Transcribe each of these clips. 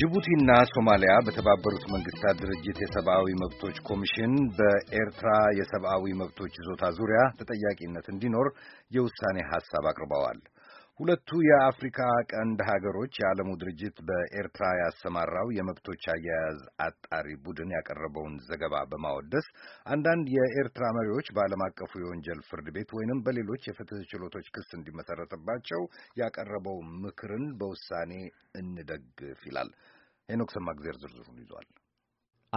ጅቡቲና ሶማሊያ በተባበሩት መንግስታት ድርጅት የሰብአዊ መብቶች ኮሚሽን በኤርትራ የሰብአዊ መብቶች ይዞታ ዙሪያ ተጠያቂነት እንዲኖር የውሳኔ ሐሳብ አቅርበዋል። ሁለቱ የአፍሪካ ቀንድ ሀገሮች የዓለሙ ድርጅት በኤርትራ ያሰማራው የመብቶች አያያዝ አጣሪ ቡድን ያቀረበውን ዘገባ በማወደስ አንዳንድ የኤርትራ መሪዎች በዓለም አቀፉ የወንጀል ፍርድ ቤት ወይንም በሌሎች የፍትህ ችሎቶች ክስ እንዲመሰረትባቸው ያቀረበው ምክርን በውሳኔ እንደግፍ ይላል። ሄኖክ ሰማግዜር ዝርዝሩን ይዟል።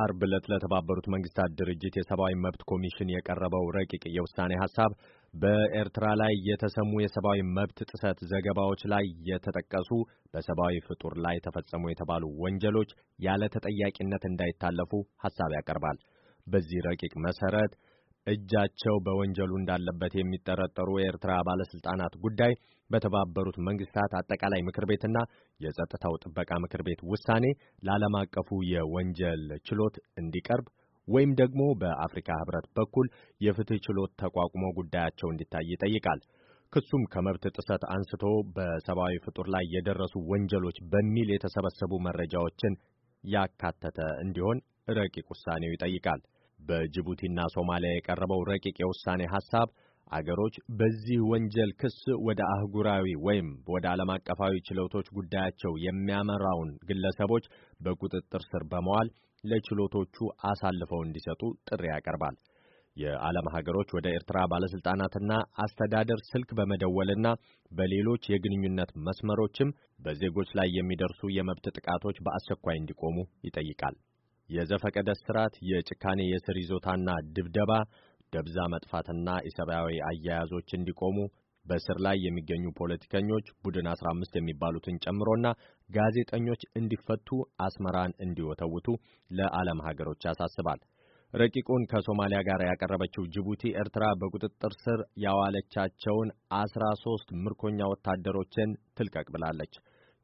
አርብ ዕለት ለተባበሩት መንግስታት ድርጅት የሰብአዊ መብት ኮሚሽን የቀረበው ረቂቅ የውሳኔ ሀሳብ ። በኤርትራ ላይ የተሰሙ የሰብአዊ መብት ጥሰት ዘገባዎች ላይ የተጠቀሱ በሰብአዊ ፍጡር ላይ ተፈጸሙ የተባሉ ወንጀሎች ያለ ተጠያቂነት እንዳይታለፉ ሐሳብ ያቀርባል። በዚህ ረቂቅ መሰረት እጃቸው በወንጀሉ እንዳለበት የሚጠረጠሩ የኤርትራ ባለስልጣናት ጉዳይ በተባበሩት መንግስታት አጠቃላይ ምክር ቤትና የጸጥታው ጥበቃ ምክር ቤት ውሳኔ ለዓለም አቀፉ የወንጀል ችሎት እንዲቀርብ ወይም ደግሞ በአፍሪካ ህብረት በኩል የፍትህ ችሎት ተቋቁሞ ጉዳያቸው እንዲታይ ይጠይቃል። ክሱም ከመብት ጥሰት አንስቶ በሰብአዊ ፍጡር ላይ የደረሱ ወንጀሎች በሚል የተሰበሰቡ መረጃዎችን ያካተተ እንዲሆን ረቂቅ ውሳኔው ይጠይቃል። በጅቡቲና ሶማሊያ የቀረበው ረቂቅ የውሳኔ ሐሳብ አገሮች በዚህ ወንጀል ክስ ወደ አህጉራዊ ወይም ወደ ዓለም አቀፋዊ ችሎቶች ጉዳያቸው የሚያመራውን ግለሰቦች በቁጥጥር ስር በመዋል ለችሎቶቹ አሳልፈው እንዲሰጡ ጥሪ ያቀርባል። የዓለም ሀገሮች ወደ ኤርትራ ባለሥልጣናትና አስተዳደር ስልክ በመደወልና በሌሎች የግንኙነት መስመሮችም በዜጎች ላይ የሚደርሱ የመብት ጥቃቶች በአስቸኳይ እንዲቆሙ ይጠይቃል። የዘፈቀደ ስርዓት፣ የጭካኔ የስር ይዞታና ድብደባ ደብዛ መጥፋትና ኢሰብአዊ አያያዞች እንዲቆሙ በእስር ላይ የሚገኙ ፖለቲከኞች ቡድን 15 የሚባሉትን ጨምሮና ጋዜጠኞች እንዲፈቱ አስመራን እንዲወተውቱ ለዓለም ሀገሮች ያሳስባል። ረቂቁን ከሶማሊያ ጋር ያቀረበችው ጅቡቲ ኤርትራ በቁጥጥር ስር ያዋለቻቸውን አስራ ሶስት ምርኮኛ ወታደሮችን ትልቀቅ ብላለች።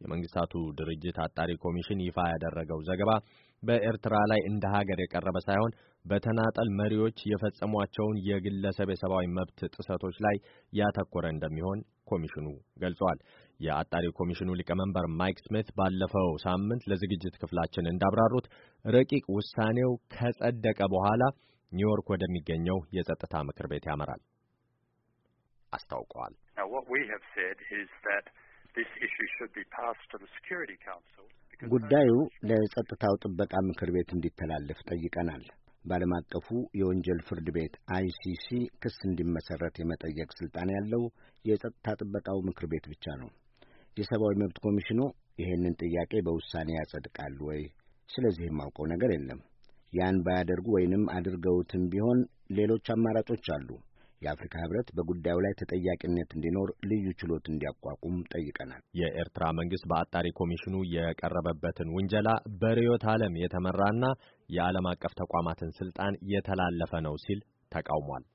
የመንግስታቱ ድርጅት አጣሪ ኮሚሽን ይፋ ያደረገው ዘገባ በኤርትራ ላይ እንደ ሀገር የቀረበ ሳይሆን በተናጠል መሪዎች የፈጸሟቸውን የግለሰብ የሰብአዊ መብት ጥሰቶች ላይ ያተኮረ እንደሚሆን ኮሚሽኑ ገልጿል። የአጣሪ ኮሚሽኑ ሊቀመንበር ማይክ ስሚት ባለፈው ሳምንት ለዝግጅት ክፍላችን እንዳብራሩት ረቂቅ ውሳኔው ከጸደቀ በኋላ ኒውዮርክ ወደሚገኘው የጸጥታ ምክር ቤት ያመራል አስታውቀዋል። ጉዳዩ ለጸጥታው ጥበቃ ምክር ቤት እንዲተላለፍ ጠይቀናል። በዓለም አቀፉ የወንጀል ፍርድ ቤት አይሲሲ ክስ እንዲመሠረት የመጠየቅ ሥልጣን ያለው የጸጥታ ጥበቃው ምክር ቤት ብቻ ነው። የሰብአዊ መብት ኮሚሽኑ ይህንን ጥያቄ በውሳኔ ያጸድቃል ወይ? ስለዚህ የማውቀው ነገር የለም። ያን ባያደርጉ ወይንም አድርገውትም ቢሆን ሌሎች አማራጮች አሉ። የአፍሪካ ህብረት በጉዳዩ ላይ ተጠያቂነት እንዲኖር ልዩ ችሎት እንዲያቋቁም ጠይቀናል። የኤርትራ መንግስት በአጣሪ ኮሚሽኑ የቀረበበትን ውንጀላ በርዕዮተ ዓለም የተመራና የዓለም አቀፍ ተቋማትን ስልጣን የተላለፈ ነው ሲል ተቃውሟል።